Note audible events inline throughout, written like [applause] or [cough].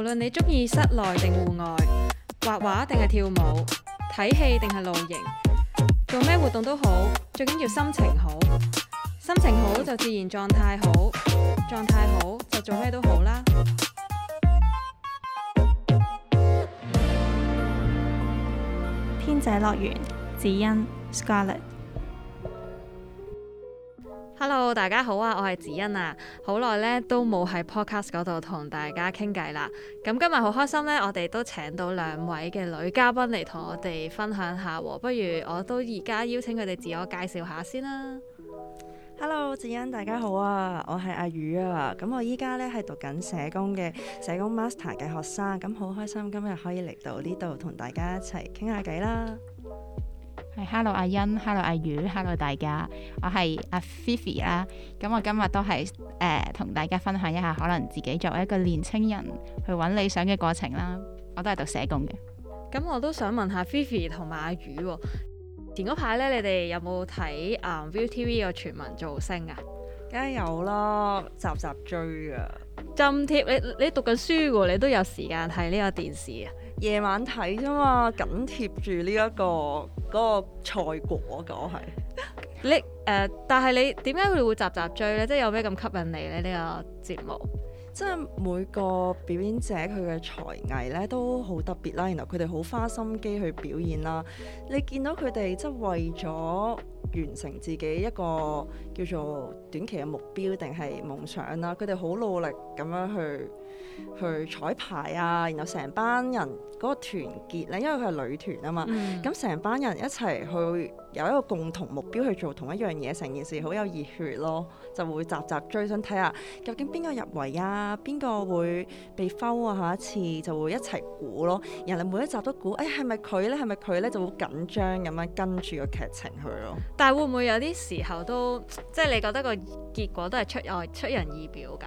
無論你中意室內定戶外，畫畫定係跳舞，睇戲定係露營，做咩活動都好，最緊要心情好。心情好就自然狀態好，狀態好就做咩都好啦。天仔樂園，指欣，Scarlett。Scar Hello，大家好啊，我係子欣啊，好耐呢都冇喺 podcast 嗰度同大家傾偈啦，咁今日好開心呢，我哋都請到兩位嘅女嘉賓嚟同我哋分享下啊，不如我都而家邀請佢哋自我介紹下先啦。Hello，子欣，大家好啊，我係阿宇啊，咁我依家呢係讀緊社工嘅社工 master 嘅學生，咁好開心今日可以嚟到呢度同大家一齊傾下偈啦。係，hello 阿欣，hello 阿雨 Hello,，hello 大家，我係阿 Fifi 啦。咁、啊、我今日都係誒，同大家分享一下，可能自己作為一個年青人去揾理想嘅過程啦。我都係讀社工嘅。咁我都想問下 Fifi 同埋阿雨，前嗰排呢，你哋有冇睇啊 ViuTV 嘅全民造星啊？梗係有啦，集集追啊。針貼你，你讀緊書你都有時間睇呢個電視啊？夜晚睇啫嘛，緊貼住呢一個。嗰個菜果嘅我係 [laughs] 你誒、呃，但係你點解佢會集集追咧？即、就、係、是、有咩咁吸引你咧？呢、這個節目即係每個表演者佢嘅才藝咧都好特別啦，然後佢哋好花心機去表演啦。你見到佢哋即係為咗。完成自己一個叫做短期嘅目標定係夢想啦、啊，佢哋好努力咁樣去去彩排啊，然後成班人嗰個團結咧，因為佢係女團啊嘛，咁成、嗯、班人一齊去有一個共同目標去做同一樣嘢，成件事好有熱血咯，就會集集追想睇下究竟邊個入圍啊，邊個會被摟啊，下一次就會一齊估咯，然後每一集都估，誒係咪佢咧？係咪佢咧？就好緊張咁樣跟住個劇情去咯。但會唔會有啲時候都即係你覺得個結果都係出外、啊、出人意表㗎？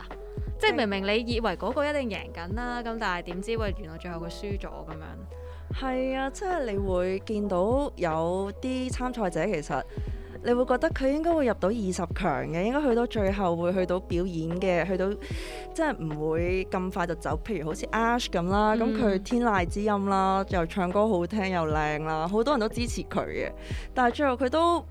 即係明明你以為嗰個一定贏緊啦，咁但係點知喂原來最後佢輸咗咁樣？係啊，即係你會見到有啲參賽者其實你會覺得佢應該會入到二十強嘅，應該去到最後會去到表演嘅，去到即係唔會咁快就走。譬如好似 Ash 咁啦，咁佢、嗯、天籟之音啦，又唱歌好聽又靚啦，好多人都支持佢嘅，但係最後佢都。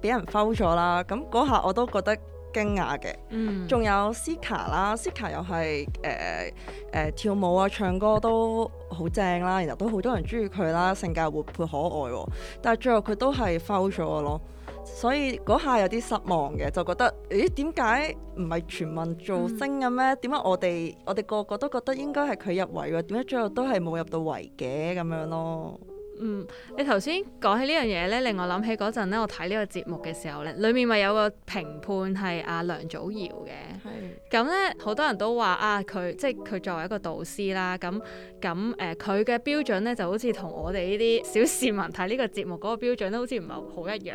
俾人摟咗啦，咁嗰下我都覺得驚訝嘅。嗯，仲有 Sika 啦，Sika 又係誒誒、呃呃、跳舞啊、唱歌都好正啦，然後都好多人中意佢啦，性格活潑可愛、啊。但係最後佢都係摟咗我咯，所以嗰下有啲失望嘅，就覺得誒點解唔係全民造星嘅、啊、咩？點解、嗯、我哋我哋個個都覺得應該係佢入圍㗎？點解最後都係冇入到圍嘅咁樣咯？嗯，你頭先講起呢樣嘢咧，令我諗起嗰陣咧，我睇呢個節目嘅時候咧，裡面咪有個評判係阿梁祖堯嘅，咁咧好多人都話啊，佢即係佢作為一個導師啦，咁咁誒，佢嘅、呃、標準咧就好似同我哋呢啲小市民睇呢個節目嗰個標準都好似唔係好一樣。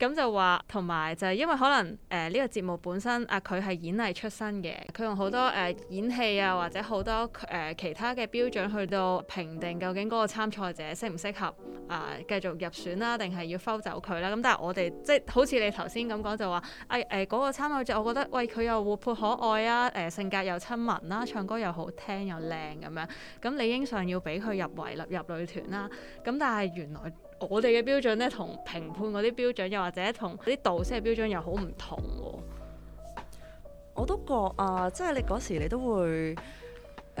咁就話，同埋就係因為可能誒呢、呃呢個節目本身啊，佢係演藝出身嘅，佢用好多誒、呃、演戲啊，或者好多誒、呃、其他嘅標準去到評定究竟嗰個參賽者適唔適合啊、呃、繼續入選啦、啊，定係要撈走佢啦。咁但係我哋即係好似你頭先咁講就話，誒誒嗰個參賽者，我覺得喂佢又活潑可愛啊，誒、呃、性格又親民啦、啊，唱歌又好聽又靚咁樣，咁理應上要俾佢入圍入入女團啦、啊。咁但係原來。我哋嘅標準咧，同評判嗰啲標準，又或者同啲導師嘅標準又好唔同喎。我都覺啊，即係你嗰時你都會。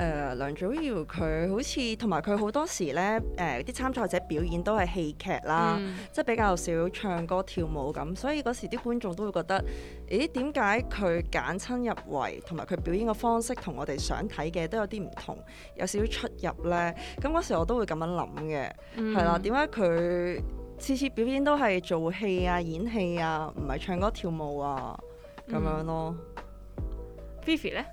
誒、呃、梁祖堯佢好似同埋佢好多時咧，誒、呃、啲參賽者表演都係戲劇啦，嗯、即係比較少唱歌跳舞咁，所以嗰時啲觀眾都會覺得，「咦，點解佢揀親入圍同埋佢表演嘅方式同我哋想睇嘅都有啲唔同，有少少出入呢？」咁嗰時我都會咁樣諗嘅，係啦，點解佢次次表演都係做戲啊、演戲啊，唔係唱歌跳舞啊咁、嗯、樣咯？Vivi 咧，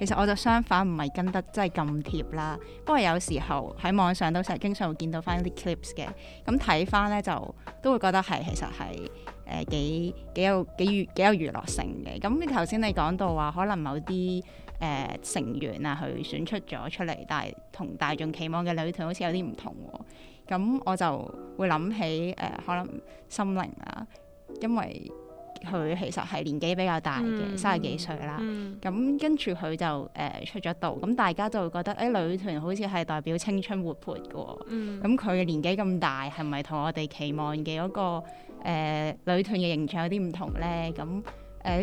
其實我就相反，唔係跟得真係咁貼啦。不過有時候喺網上都成日經常會見到翻、e、啲 clips 嘅。咁睇翻咧，就都會覺得係其實係誒、呃、幾幾有幾娛幾有娛樂性嘅。咁你頭先你講到話，可能某啲誒、呃、成員啊佢選出咗出嚟，但係同大眾期望嘅女團好似有啲唔同喎。咁我就會諗起誒、呃，可能心靈啊，因為。佢其實係年紀比較大嘅，嗯、三十幾歲啦。咁、嗯嗯、跟住佢就誒、呃、出咗道，咁大家就會覺得誒、呃、女團好似係代表青春活潑㗎、喎。咁佢嘅年紀咁大，係咪同我哋期望嘅嗰、嗰個、呃、女團嘅形象有啲唔同咧？咁誒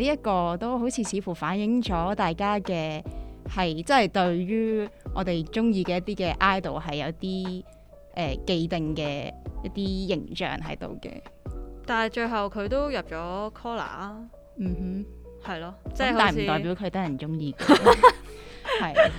呢一個都好似似乎反映咗大家嘅係即係對於我哋中意嘅一啲嘅 idol 係有啲誒、呃、既定嘅一啲形象喺度嘅。但係最後佢都入咗 COLLAR 嗯哼。係咯，即係代唔代表佢得人中意佢係，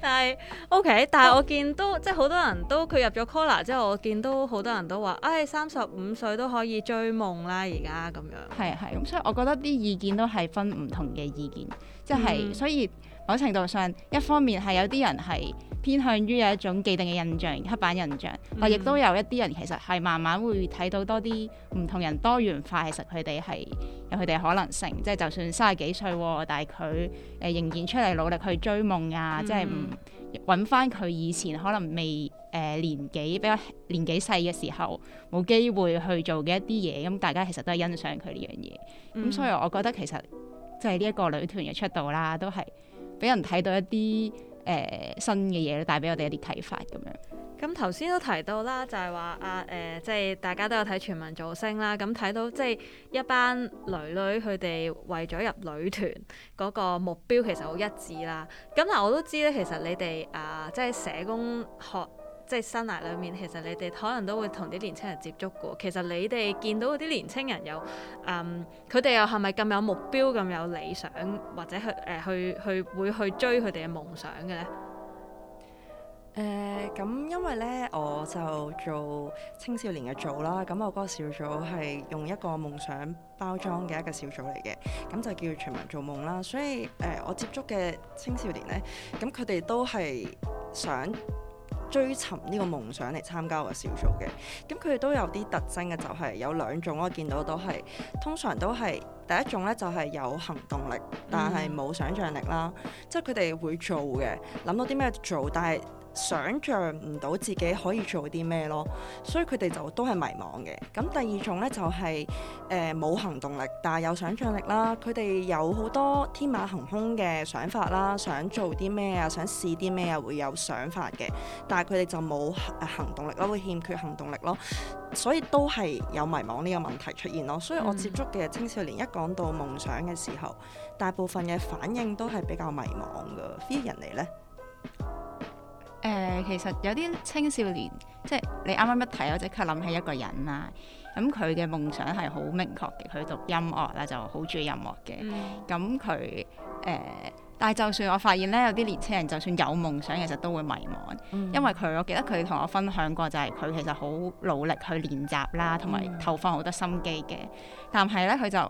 但係 OK，但係我見到、oh. 即係好多人都佢入咗 COLLAR 之後，我見到好多人都話：唉、哎，三十五歲都可以追夢啦，而家咁樣係係咁，所以我覺得啲意見都係分唔同嘅意見，即係、嗯、所以某程度上，一方面係有啲人係。偏向於有一種既定嘅印象、刻板印象，但係亦都有一啲人其實係慢慢會睇到多啲唔同人多元化，其實佢哋係有佢哋嘅可能性。即、就、係、是、就算三十幾歲喎，但係佢誒仍然出嚟努力去追夢啊！即係唔揾翻佢以前可能未誒、呃、年紀比較年紀細嘅時候冇機會去做嘅一啲嘢，咁、嗯、大家其實都係欣賞佢呢樣嘢。咁、嗯、所以我覺得其實即係呢一個女團嘅出道啦，都係俾人睇到一啲。誒、呃、新嘅嘢咧，帶俾我哋一啲啟發咁樣。咁頭先都提到啦，就係話啊誒，即係大家都有睇全民造星啦，咁、嗯、睇到即係一班女女佢哋為咗入女團嗰個目標其實好一致啦。咁、嗯、但我都知咧，其實你哋啊、呃，即係社工學。即係生涯裏面，其實你哋可能都會同啲年青人接觸過。其實你哋見到嗰啲年青人有佢哋、嗯、又係咪咁有目標、咁有理想，或者去誒、呃、去去會去追佢哋嘅夢想嘅呢？誒、呃，咁因為呢，我就做青少年嘅組啦。咁我嗰個小組係用一個夢想包裝嘅一個小組嚟嘅，咁就叫全民做夢啦。所以誒、呃，我接觸嘅青少年呢，咁佢哋都係想。追尋呢個夢想嚟參加我嘅小組嘅，咁佢哋都有啲特徵嘅，就係、是、有兩種。我見到都係，通常都係第一種呢，就係有行動力，但係冇想像力啦，嗯、即係佢哋會做嘅，諗到啲咩做，但係，想象唔到自己可以做啲咩咯，所以佢哋就都係迷茫嘅。咁第二種呢，就係誒冇行動力，但係有想象力啦。佢哋有好多天馬行空嘅想法啦，想做啲咩啊，想試啲咩啊，會有想法嘅。但係佢哋就冇行動力咯，會欠缺行動力咯，所以都係有迷茫呢個問題出現咯。所以我接觸嘅青少年一講到夢想嘅時候，大部分嘅反應都係比較迷茫嘅。呢啲人嚟呢。誒、呃，其實有啲青少年，即係你啱啱一提，我即刻諗起一個人啦。咁佢嘅夢想係好明確嘅，佢讀音樂啦，就好中意音樂嘅。咁佢誒，但係就算我發現咧，有啲年青人就算有夢想，其實都會迷茫，嗯、因為佢，我記得佢同我分享過，就係佢其實好努力去練習啦，同埋、嗯、投放好多心機嘅。但係咧，佢就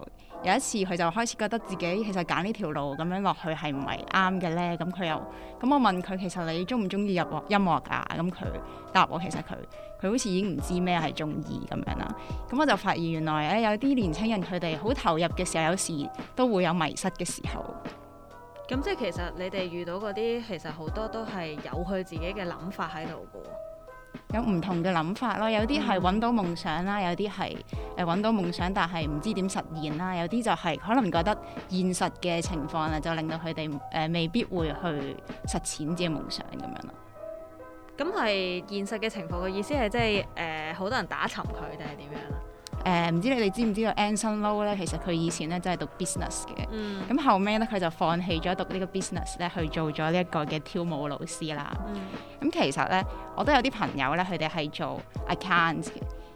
有一次佢就開始覺得自己其實揀呢條路咁樣落去係唔係啱嘅咧？咁佢又咁我問佢其實你中唔中意入音樂㗎、啊？咁佢答我其實佢佢好似已經唔知咩係中意咁樣啦。咁我就發現原來誒、哎、有啲年輕人佢哋好投入嘅時候，有時都會有迷失嘅時候。咁即係其實你哋遇到嗰啲其實好多都係有佢自己嘅諗法喺度嘅。有唔同嘅諗法咯，有啲係搵到夢想啦，有啲係誒搵到夢想，但係唔知點實現啦，有啲就係可能覺得現實嘅情況啊，就令到佢哋誒未必會去實踐自己夢想咁樣咯。咁係現實嘅情況嘅意思係即係誒好多人打沉佢定係點樣啊？誒唔知你哋知唔知道，道 Anson Lo 咧，其實佢以前咧真係讀 business 嘅，咁、嗯、後尾咧佢就放棄咗讀個呢個 business 咧，去做咗呢一個嘅跳舞老師啦。咁、嗯、其實咧，我都有啲朋友咧，佢哋係做 account 嘅，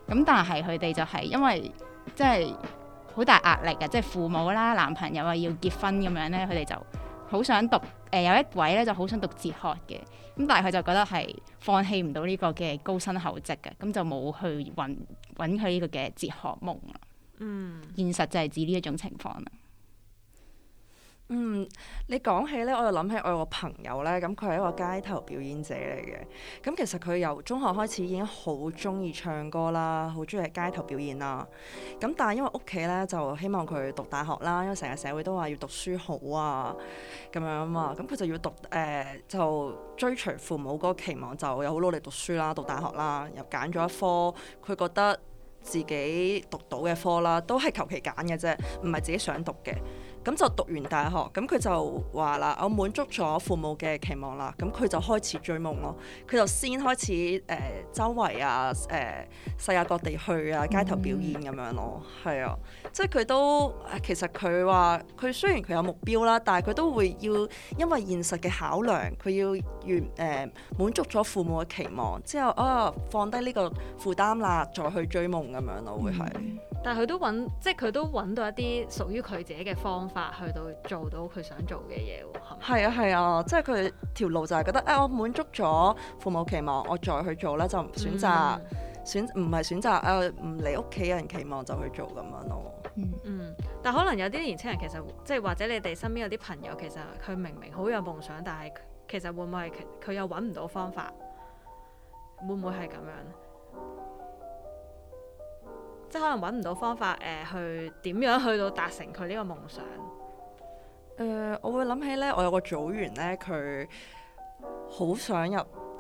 咁但係佢哋就係因為即係好大壓力啊，即係父母啦、男朋友啊要結婚咁樣咧，佢哋就。好想讀誒、呃，有一位咧就好想讀哲學嘅，咁但係佢就覺得係放棄唔到呢個嘅高薪厚職嘅，咁就冇去揾揾佢呢個嘅哲學夢啦。嗯，現實就係指呢一種情況啦。嗯，你講起咧，我又諗起我有個朋友咧，咁佢係一個街頭表演者嚟嘅。咁、嗯、其實佢由中學開始已經好鍾意唱歌啦，好鍾意喺街頭表演啦。咁、嗯、但係因為屋企咧就希望佢讀大學啦，因為成日社會都話要讀書好啊，咁樣啊嘛。咁、嗯、佢就要讀誒、呃，就追隨父母嗰個期望，就又好努力讀書啦，讀大學啦，又揀咗一科佢覺得自己讀到嘅科啦，都係求其揀嘅啫，唔係自己想讀嘅。咁就讀完大學，咁佢就話啦，我滿足咗父母嘅期望啦，咁佢就開始追夢咯。佢就先開始誒、呃、周圍啊，誒、呃、世界各地去啊，街頭表演咁樣咯。係啊、嗯，即係佢都其實佢話佢雖然佢有目標啦，但係佢都會要因為現實嘅考量，佢要完誒、呃、滿足咗父母嘅期望之後，啊放低呢個負擔啦，再去追夢咁樣咯，會係、嗯的。但係佢都揾即係佢都揾到一啲屬於佢自己嘅方法。去到做到佢想做嘅嘢喎，係啊係啊，即係佢條路就係覺得誒，我滿足咗父母期望，我再去做咧，就選擇選唔係選擇誒唔理屋企人期望就去做咁樣咯。嗯，但可能有啲年青人其實即係或者你哋身邊有啲朋友其實佢明明好有夢想，但係其實會唔會佢又揾唔到方法？會唔會係咁樣？即係可能揾唔到方法、呃、去點樣去到達成佢呢個夢想？誒、呃，我會諗起咧，我有個組員咧，佢好想入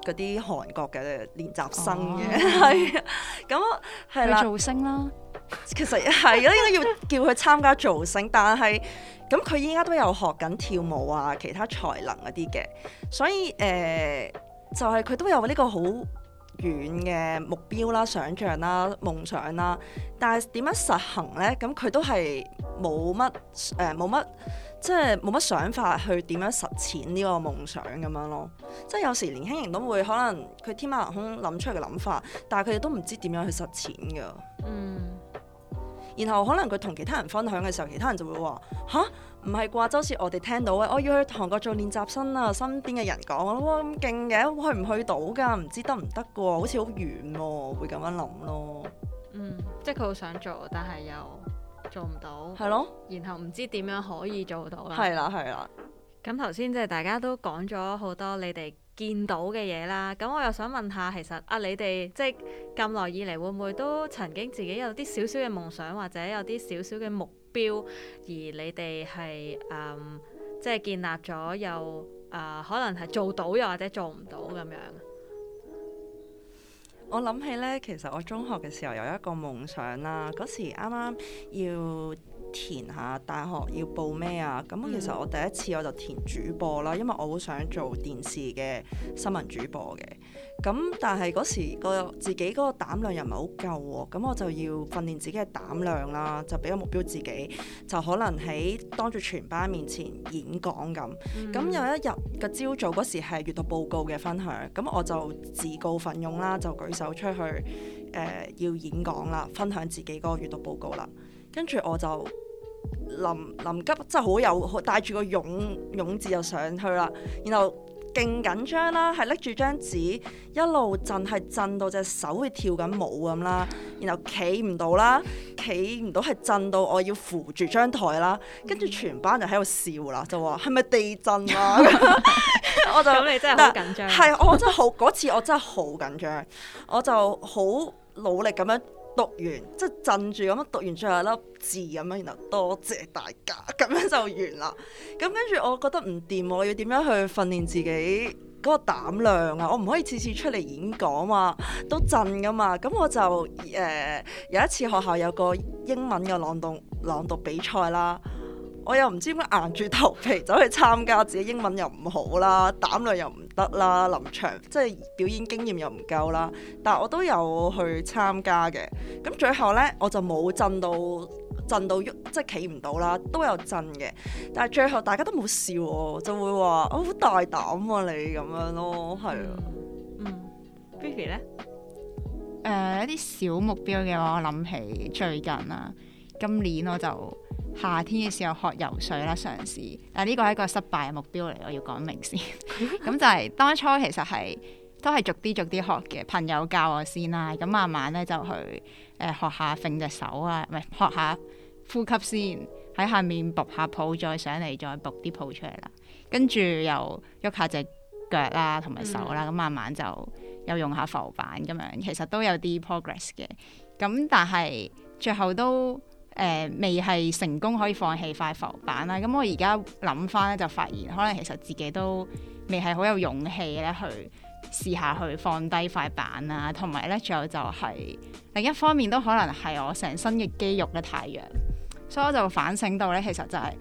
嗰啲韓國嘅練習生嘅，係咁係啦， [laughs] [laughs] [laughs] 造星啦。其實係咧，應該要叫佢參加造星， [laughs] 但係咁佢依家都有學緊跳舞啊，其他才能嗰啲嘅，所以誒、呃、就係、是、佢都有呢個好遠嘅目標啦、啊、想象啦、啊、夢想啦、啊。但係點樣實行咧？咁佢都係冇乜誒，冇、呃、乜。即係冇乜想法去點樣實踐呢個夢想咁樣咯，即係有時年輕人都會可能佢天馬行空諗出嚟嘅諗法，但係佢哋都唔知點樣去實踐噶。嗯。然後可能佢同其他人分享嘅時候，其他人就會話：吓？唔係啩？就好似我哋聽到喂，我要去韓國做練習生啊！身邊嘅人講，哇咁勁嘅，去唔去到㗎？唔知得唔得㗎？好似好遠喎，會咁樣諗咯。嗯，即係佢好想做，但係又。做唔到，係咯的，然後唔知點樣可以做到啦。係啦係啦。咁頭先即係大家都講咗好多你哋見到嘅嘢啦。咁我又想問下，其實啊，你哋即係咁耐以嚟，會唔會都曾經自己有啲少少嘅夢想，或者有啲少少嘅目標，而你哋係嗯，即係建立咗又啊、呃，可能係做到又或者做唔到咁樣。我諗起咧，其實我中學嘅時候有一個夢想啦、啊，嗰時啱啱要。填下大學要報咩啊？咁其實我第一次我就填主播啦，因為我好想做電視嘅新聞主播嘅。咁但係嗰時個自己嗰個膽量又唔係好夠喎、啊，咁我就要訓練自己嘅膽量啦，就俾個目標自己，就可能喺當住全班面前演講咁。咁、mm hmm. 有一日嘅朝早嗰時係閱讀報告嘅分享，咁我就自告奮勇啦，就舉手出去誒、呃、要演講啦，分享自己嗰個閱讀報告啦。跟住我就臨、臨急，真係好有好，帶住個勇勇字就上去啦。然後勁緊張啦，係拎住張紙一路震，係震到隻手去跳緊舞咁啦。然後企唔到啦，企唔到係震到我要扶住張台啦。跟住全班就喺度笑啦，就話係咪地震呀？我就咁，你真係好緊張。係，我真係好，嗰次，我真係好緊張，我就好努力咁樣。讀完即係震住咁樣讀完最後一粒字咁樣，然後多謝大家咁樣就完啦。咁跟住我覺得唔掂喎，我要點樣去訓練自己嗰個膽量啊？我唔可以次次出嚟演講啊，都震㗎嘛。咁我就誒、呃、有一次學校有個英文嘅朗讀朗讀比賽啦。我又唔知點解硬住頭皮走去參加，自己英文又唔好啦，膽量又唔得啦，臨場即係表演經驗又唔夠啦。但係我都有去參加嘅。咁、嗯、最後呢，我就冇震到震到喐，即係企唔到啦，都有震嘅。但係最後大家都冇笑我，就會話我好大膽啊你咁樣咯，係啊。嗯，Vivi 咧，嗯呢 uh, 一啲小目標嘅話，我諗起最近啦。今年我就夏天嘅時候學游水啦，嘗試，但係呢個係一個失敗嘅目標嚟，我要講明先。咁 [laughs] 就係當初其實係都係逐啲逐啲學嘅，朋友教我先啦。咁、嗯、慢慢咧就去誒、呃、學下揈隻手啊，唔係學下呼吸先，喺下面撲下泡，再上嚟再撲啲泡出嚟啦。跟住又喐下隻腳啦，同埋手啦。咁、嗯嗯嗯、慢慢就又用下浮板咁樣，其實都有啲 progress 嘅。咁、嗯、但係最後都。誒、呃、未係成功可以放棄塊浮板啦，咁我而家諗翻咧就發現，可能其實自己都未係好有勇氣咧去試下去放低塊板啦，同埋咧仲有就係、是、另一方面都可能係我成身嘅肌肉咧太弱，所以我就反省到咧，其實就係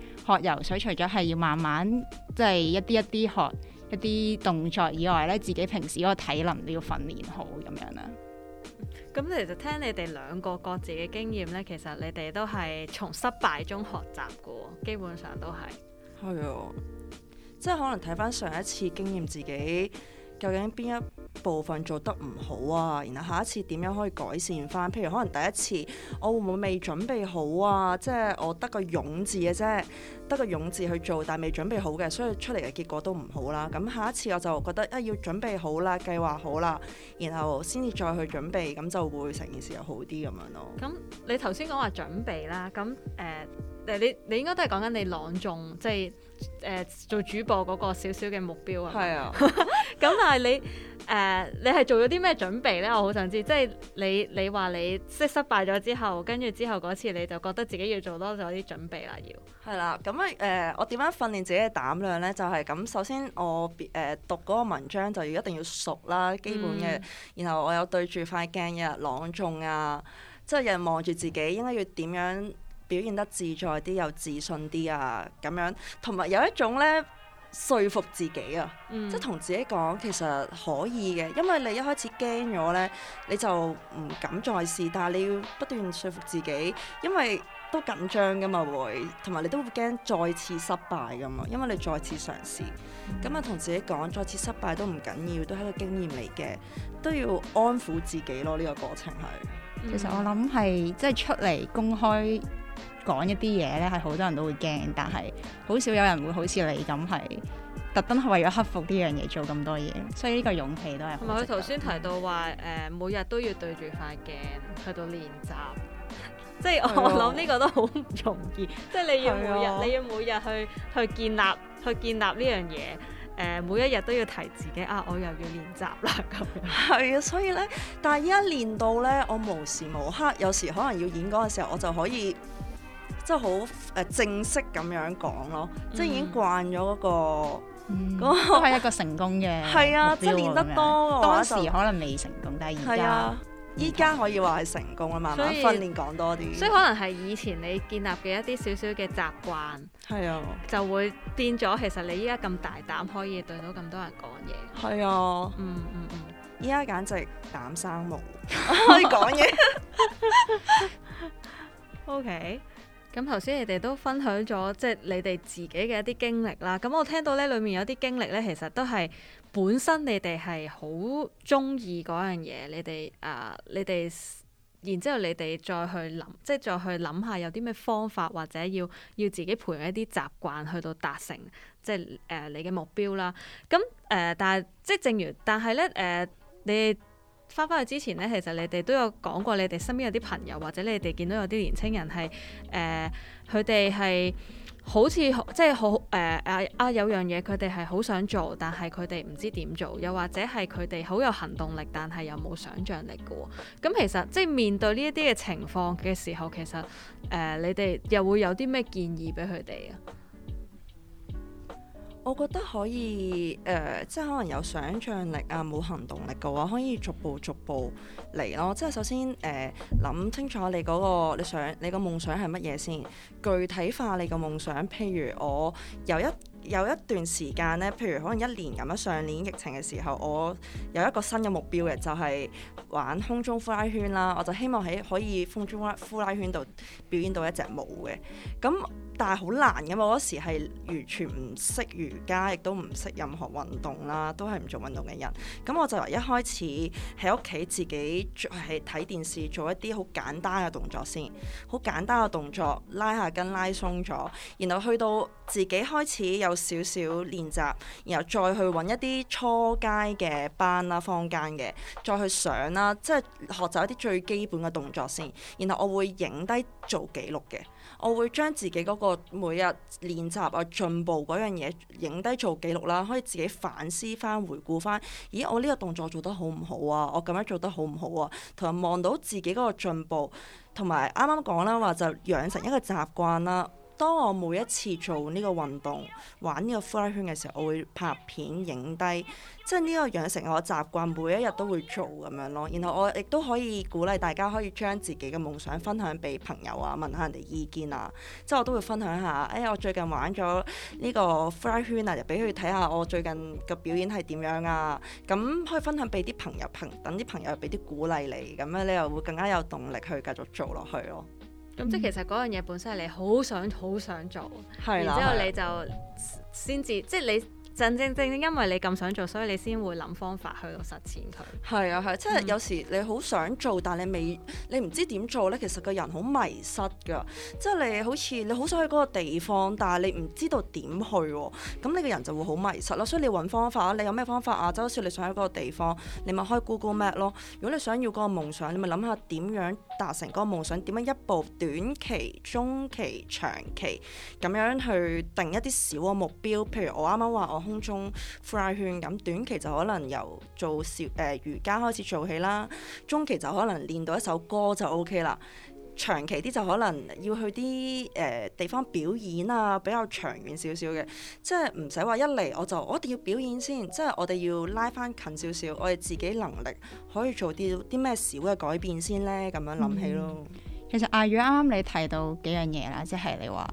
學游水除咗係要慢慢即係、就是、一啲一啲學一啲動作以外咧，自己平時嗰個體能都要訓練好咁樣啦。咁其實聽你哋兩個各自嘅經驗呢，其實你哋都係從失敗中學習㗎喎，基本上都係。係啊、哦，即係可能睇翻上一次經驗，自己究竟邊一部分做得唔好啊，然後下一次點樣可以改善翻？譬如可能第一次我會唔會未準備好啊？即係我得個勇字嘅啫，得個勇字去做，但係未準備好嘅，所以出嚟嘅結果都唔好啦。咁下一次我就覺得誒、哎，要準備好啦，計劃好啦，然後先至再去準備，咁就會成件事又好啲咁樣咯。咁你頭先講話準備啦，咁誒、呃，你你應該都係講緊你朗誦，即係誒、呃、做主播嗰個小小嘅目標啊。係啊。咁 [laughs] 但係你誒，uh, 你係做咗啲咩準備呢？我好想知，即、就、係、是、你你話你即係失敗咗之後，跟住之後嗰次你就覺得自己要做多咗啲準備啦，要係啦。咁 [noise] 誒、啊呃，我點樣訓練自己嘅膽量呢？就係、是、咁，首先我誒、呃、讀嗰個文章就要一定要熟啦、啊，基本嘅。嗯、然後我有對住塊鏡日、啊、朗誦啊，即係日望住自己應該要點樣表現得自在啲、又自信啲啊，咁樣同埋有，有一種呢。說服自己啊，嗯、即係同自己講，其實可以嘅，因為你一開始驚咗呢，你就唔敢再試，但係你要不斷說服自己，因為都緊張噶嘛會，同埋你都會驚再次失敗噶嘛，因為你再次嘗試，咁啊同自己講，再次失敗都唔緊要，都係個經驗嚟嘅，都要安撫自己咯。呢個過程係，嗯、其實我諗係即係出嚟公開講一啲嘢咧，係好多人都會驚，但係好少有人會好似你咁係特登係為咗克服呢樣嘢做咁多嘢，所以呢個勇氣都係，同埋佢頭先提到話誒、 [noise] 呃，每日都要對住塊鏡去到練習，即係我諗呢個都好唔容易，對哦、即係你要每日 [noise] 對、哦、你要每日去去建立去建立呢樣嘢誒，每一日都要提自己啊，我又要練習啦，咁樣係啊， [laughs] [noise] 所以咧，但係依家練到咧，我無時無刻有時可能要演講嘅時候，我就可以。即係好誒正式咁樣講咯，即係已經慣咗嗰、嗰個，嗰、嗯嗰個係一個成功嘅係啊，即練得多。 [laughs] [laughs] 當時可能未成功，但係而家依家可以話係成功啦，以慢慢訓練講多啲。所以可能係以前你建立嘅一啲少少嘅習慣，係啊，就會變咗。其實你依家咁大膽，可以對到咁多人講嘢，係啊，嗯嗯嗯，依家簡直膽生毛，可以講嘢。OK。咁頭先你哋都分享咗，即係你哋自己嘅一啲經歷啦。咁我聽到咧，裡面有啲經歷咧，其實都係本身你哋係好中意嗰樣嘢，你哋啊、呃，你哋然之後你哋再去諗，即係再去諗下有啲咩方法，或者要要自己培養一啲習慣去到達成，即係誒你嘅目標啦。咁、嗯、誒，但係即係正如，但係咧誒，你。翻翻去之前呢，其實你哋都有講過，你哋身邊有啲朋友，或者你哋見到有啲年輕人係誒，佢哋係好似即係好誒、呃、啊啊有樣嘢，佢哋係好想做，但係佢哋唔知點做，又或者係佢哋好有行動力，但係又冇想像力嘅喎、哦。咁其實即係面對呢一啲嘅情況嘅時候，其實誒、呃、你哋又會有啲咩建議俾佢哋啊？我覺得可以誒、呃，即係可能有想像力啊，冇行動力嘅話，可以逐步逐步嚟咯。即係首先誒，諗、呃、清楚你嗰、那個你想你個夢想係乜嘢先，具體化你個夢想。譬如我有一有一段時間呢，譬如可能一年咁啦，上年疫情嘅時候，我有一個新嘅目標嘅，就係、是、玩空中呼啦圈啦。我就希望喺可以空中呼啦圈度表演到一隻舞嘅咁。但係好難㗎嘛，我嗰時係完全唔識瑜伽，亦都唔識任何運動啦，都係唔做運動嘅人。咁我就由一開始喺屋企自己係睇電視做一啲好簡單嘅動作先，好簡單嘅動作，拉下筋，拉鬆咗，然後去到自己開始有少少練習，然後再去揾一啲初階嘅班啦、坊間嘅，再去上啦，即係學習一啲最基本嘅動作先，然後我會影低做記錄嘅。我會將自己嗰個每日練習啊進步嗰樣嘢影低做記錄啦，可以自己反思返、回顧返，咦？我呢個動作做得好唔好啊？我咁樣做得好唔好啊？同埋望到自己嗰個進步，同埋啱啱講啦，話就養成一個習慣啦。當我每一次做呢個運動、玩呢個 Fly 圈嘅時候，我會拍片影低，即係呢個養成我習慣，每一日都會做咁樣咯。然後我亦都可以鼓勵大家可以將自己嘅夢想分享俾朋友啊，問下人哋意見啊。即係我都會分享下，誒、哎、我最近玩咗呢個 Fly 圈啊，就俾佢睇下我最近嘅表演係點樣啊。咁可以分享俾啲朋友，等啲朋友俾啲鼓勵你，咁樣你又會更加有動力去繼續做落去咯。咁、嗯、即係其實嗰樣嘢本身係你好想好想做，對了 然之後你就先至即係你對了 正正正正因為你咁想做，所以你先會諗方法去到實踐佢。係啊係，即係有時你好想做，但係你未你唔知點做咧，其實個人好迷失㗎。即係了了你好似你好想去嗰個地方，但係你唔知道點去喎，咁你個人就會好迷失咯。所以你揾方法，你有咩方法啊？即係好似你想喺嗰個地方，你咪開 Google Map 咯。如果你想要嗰個夢想，你咪諗下點樣。達成嗰個夢想，點樣一步短期、中期、長期咁樣去定一啲小個目標，譬如我啱啱話我空中 fly 圈咁，短期就可能由做、呃、瑜伽開始做起啦，中期就可能練到一首歌就 OK 啦。長期啲就可能要去啲誒、呃、地方表演啊，比較長遠少少嘅，即係唔使話一嚟我就我一定要表演先，即係我哋要拉翻近少少，我哋自己能力可以做啲啲咩小嘅改變先呢？咁樣諗起咯、嗯。其實阿宇啱啱你提到幾樣嘢啦，即係你話。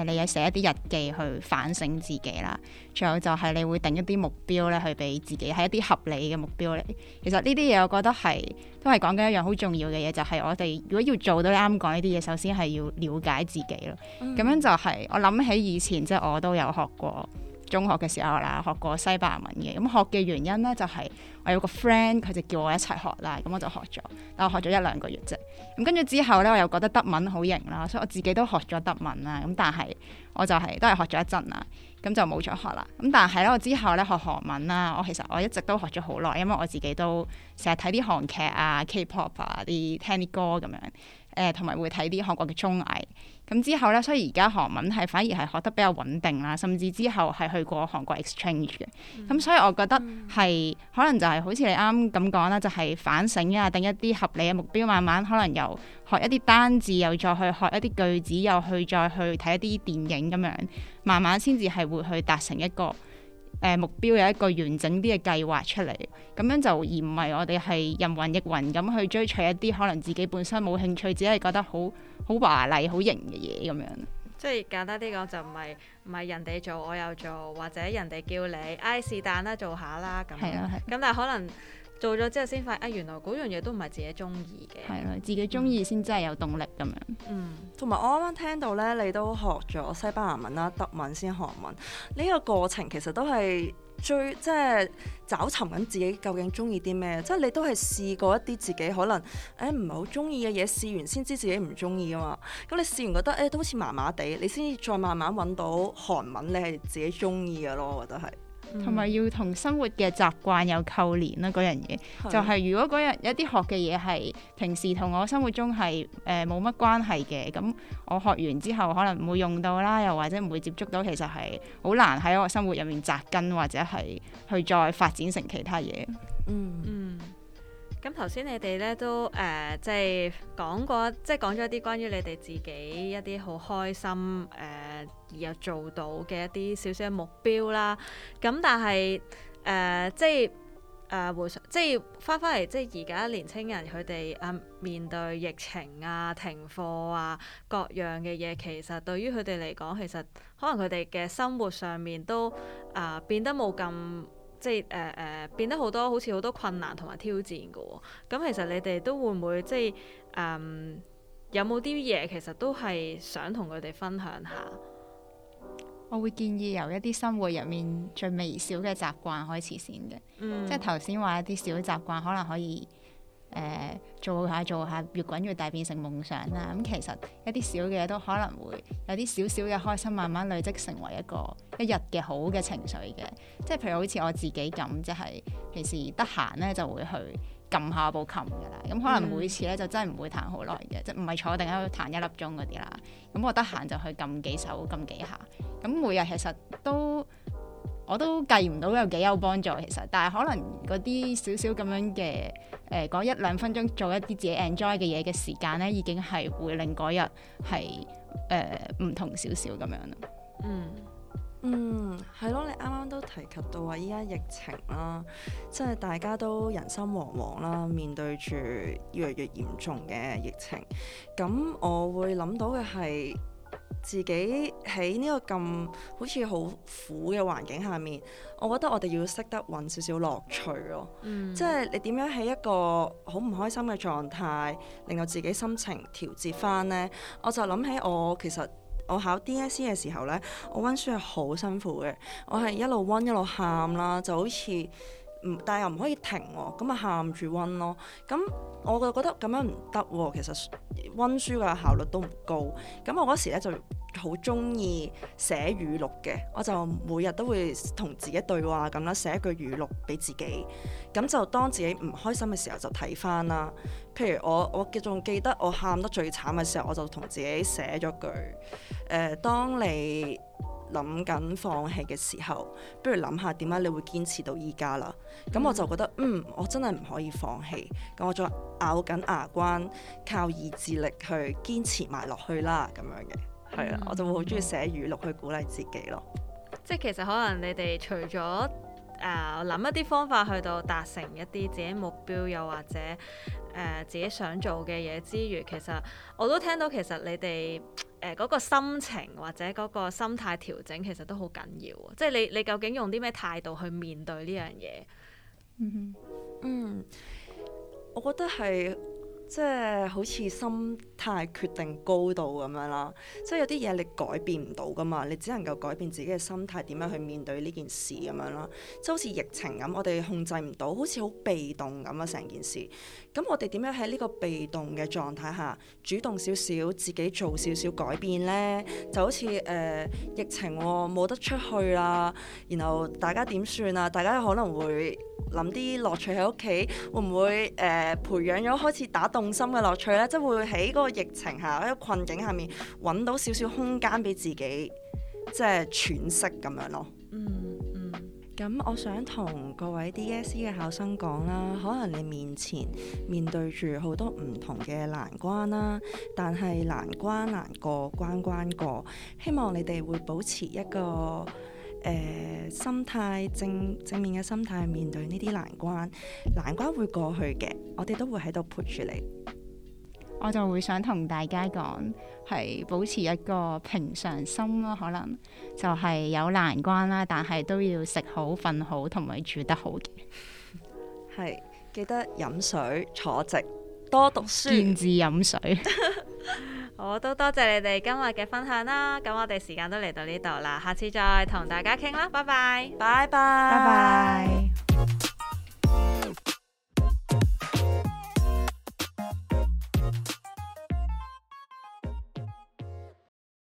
誒，你有寫一啲日記去反省自己啦，最後就係你會定一啲目標咧，去俾自己係一啲合理嘅目標嚟。其實呢啲嘢我覺得係都係講緊一樣好重要嘅嘢，就係、是、我哋如果要做到啱啱講呢啲嘢，首先係要了解自己咯。咁、嗯、樣就係、是、我諗起以前，即、就、係、是、我都有學過。中學嘅時候啦，學過西班牙文嘅。咁、嗯、學嘅原因咧，就係、是、我有個 friend 佢就叫我一齊學啦，咁、嗯、我就學咗，但我學咗一兩個月啫。咁跟住之後咧，我又覺得德文好型啦，所以我自己都學咗德文啦。咁、嗯、但係我就係、是、都係學咗一陣啦，咁、嗯、就冇再學啦。咁、嗯、但係咧，我之後咧學韓文啦，我其實我一直都學咗好耐，因為我自己都成日睇啲韓劇啊、K-pop 啊啲聽啲歌咁樣。誒同埋會睇啲韓國嘅綜藝，咁之後呢，所以而家韓文係反而係學得比較穩定啦，甚至之後係去過韓國 exchange 嘅，咁所以我覺得係可能就係好似你啱咁講啦，就係反省啊，定一啲合理嘅目標，慢慢可能又學一啲單字，又再去學一啲句子，又去再去睇一啲電影咁樣，慢慢先至係會去達成一個。誒目標有一個完整啲嘅計劃出嚟，咁樣就而唔係我哋係人云亦云咁去追隨一啲可能自己本身冇興趣，只係覺得好好華麗、好型嘅嘢咁樣。即係簡單啲講，就唔係唔係人哋做我又做，或者人哋叫你，唉，是但啦，做下啦咁。係啊係。咁但係可能。做咗之後先發現，啊原來嗰樣嘢都唔係自己中意嘅，係咯，自己中意先真係有動力咁樣。嗯，同埋我啱啱聽到咧，你都學咗西班牙文啦、德文先學韓文，呢個過程其實都係最，即係找尋緊自己究竟中意啲咩，即係你都係試過一啲自己可能誒唔係好中意嘅嘢，試完先知自己唔中意啊嘛。咁你試完覺得誒都好似麻麻地，你先至再慢慢揾到韓文你係自己中意嘅咯，我覺得係。同埋要同生活嘅習慣有扣連啦，嗰樣嘢就係、是、如果嗰樣一啲學嘅嘢係平時同我生活中係誒冇乜關係嘅，咁我學完之後可能唔會用到啦，又或者唔會接觸到，其實係好難喺我生活入面扎根或者係去再發展成其他嘢。嗯。嗯。咁頭先你哋呢都誒、呃，即係講過，即係講咗一啲關於你哋自己一啲好開心誒、呃，而又做到嘅一啲小小嘅目標啦。咁但係誒、呃，即係誒、呃、回想，即係返返嚟，即係而家年輕人佢哋啊面對疫情啊停課啊各樣嘅嘢，其實對於佢哋嚟講，其實可能佢哋嘅生活上面都啊、呃、變得冇咁。即係誒誒，變得好多好似好多困難同埋挑戰嘅、哦，咁其實你哋都會唔會即係誒、呃、有冇啲嘢，其實都係想同佢哋分享下？我會建議由一啲生活入面最微小嘅習慣開始先嘅，嗯、即係頭先話一啲小習慣可能可以。嗯誒、呃、做下做下越滾越大變成夢想啦，咁、嗯、其實一啲小嘅嘢都可能會有啲少少嘅開心，慢慢累積成為一個一日嘅好嘅情緒嘅。即係譬如好似我自己咁，即係平時得閒咧就會去撳下部琴㗎喇。咁、嗯、可能每次咧就真係唔會彈好耐嘅，即唔係坐定喺度彈一粒鐘嗰啲啦。咁、嗯、我得閒就去撳幾首撳幾下。咁、嗯、每日其實都。我都計唔到有幾有幫助，其實，但係可能嗰啲少少咁樣嘅，誒、呃，嗰一兩分鐘做一啲自己 enjoy 嘅嘢嘅時間咧，已經係會令嗰日係誒唔同少少咁樣咯。嗯嗯，係咯，你啱啱都提及到話依家疫情啦，即係大家都人心惶惶啦，面對住越嚟越嚴重嘅疫情，咁我會諗到嘅係。自己喺呢個咁好似好苦嘅環境下面，我覺得我哋要識得搵少少樂趣咯。嗯、即係你點樣喺一個好唔開心嘅狀態，令到自己心情調節翻呢？我就諗起我其實我考 DSE 嘅時候呢，我溫書係好辛苦嘅，我係一路溫一路喊啦，就好似。唔，但又唔可以停喎，咁啊喊住溫咯。咁我就覺得咁樣唔得喎，其實溫書嘅效率都唔高。咁我嗰時咧就好中意寫語錄嘅，我就每日都會同自己對話咁啦，寫一句語錄俾自己。咁就當自己唔開心嘅時候就睇翻啦。譬如我我記仲記得我喊得最慘嘅時候，我就同自己寫咗句，誒、呃，當你諗緊放棄嘅時候，不如諗下點解你會堅持到依家啦？咁我就覺得，嗯、嗯，我真係唔可以放棄。咁我再咬緊牙關，靠意志力去堅持埋落去啦，咁樣嘅，係啊、嗯，我就會好中意寫語錄去鼓勵自己咯。嗯、即係其實可能你哋除咗誒諗一啲方法去到達成一啲自己目標，又或者誒、呃、自己想做嘅嘢之餘，其實我都聽到其實你哋。誒嗰個心情或者嗰個心態調整，其實都好緊要，即係你你究竟用啲咩態度去面對呢樣嘢？嗯，我覺得係。即係好似心態決定高度咁樣啦，即係有啲嘢你改變唔到噶嘛，你只能夠改變自己嘅心態點樣去面對呢件事咁樣啦。即係好似疫情咁，我哋控制唔到，好似好被動咁啊成件事。咁我哋點樣喺呢個被動嘅狀態下，主動少少，自己做少少改變咧？就好似誒、呃、疫情冇得出去啦，然後大家點算啊？大家可能會諗啲樂趣喺屋企，會唔會誒、呃、培養咗開始打、打？動心嘅樂趣咧，即係會喺嗰個疫情下喺個困境下面揾到少少空間俾自己，即係喘息咁樣咯、嗯。嗯嗯。咁我想同各位 DSE 嘅考生講啦，可能你面前面對住好多唔同嘅難關啦，但係難關難過，關關過，希望你哋會保持一個。誒、呃、心態正正面嘅心態面對呢啲難關，難關會過去嘅，我哋都會喺度陪住你。我就會想同大家講，係保持一個平常心啦，可能就係有難關啦，但係都要食好、瞓好同埋煮得好嘅。係記得飲水、坐直、多讀書、堅持飲水見字飲水。 [laughs] 我都多謝你哋今日嘅分享啦，咁我哋時間都嚟到呢度啦，下次再同大家傾啦，拜拜，拜拜，拜拜。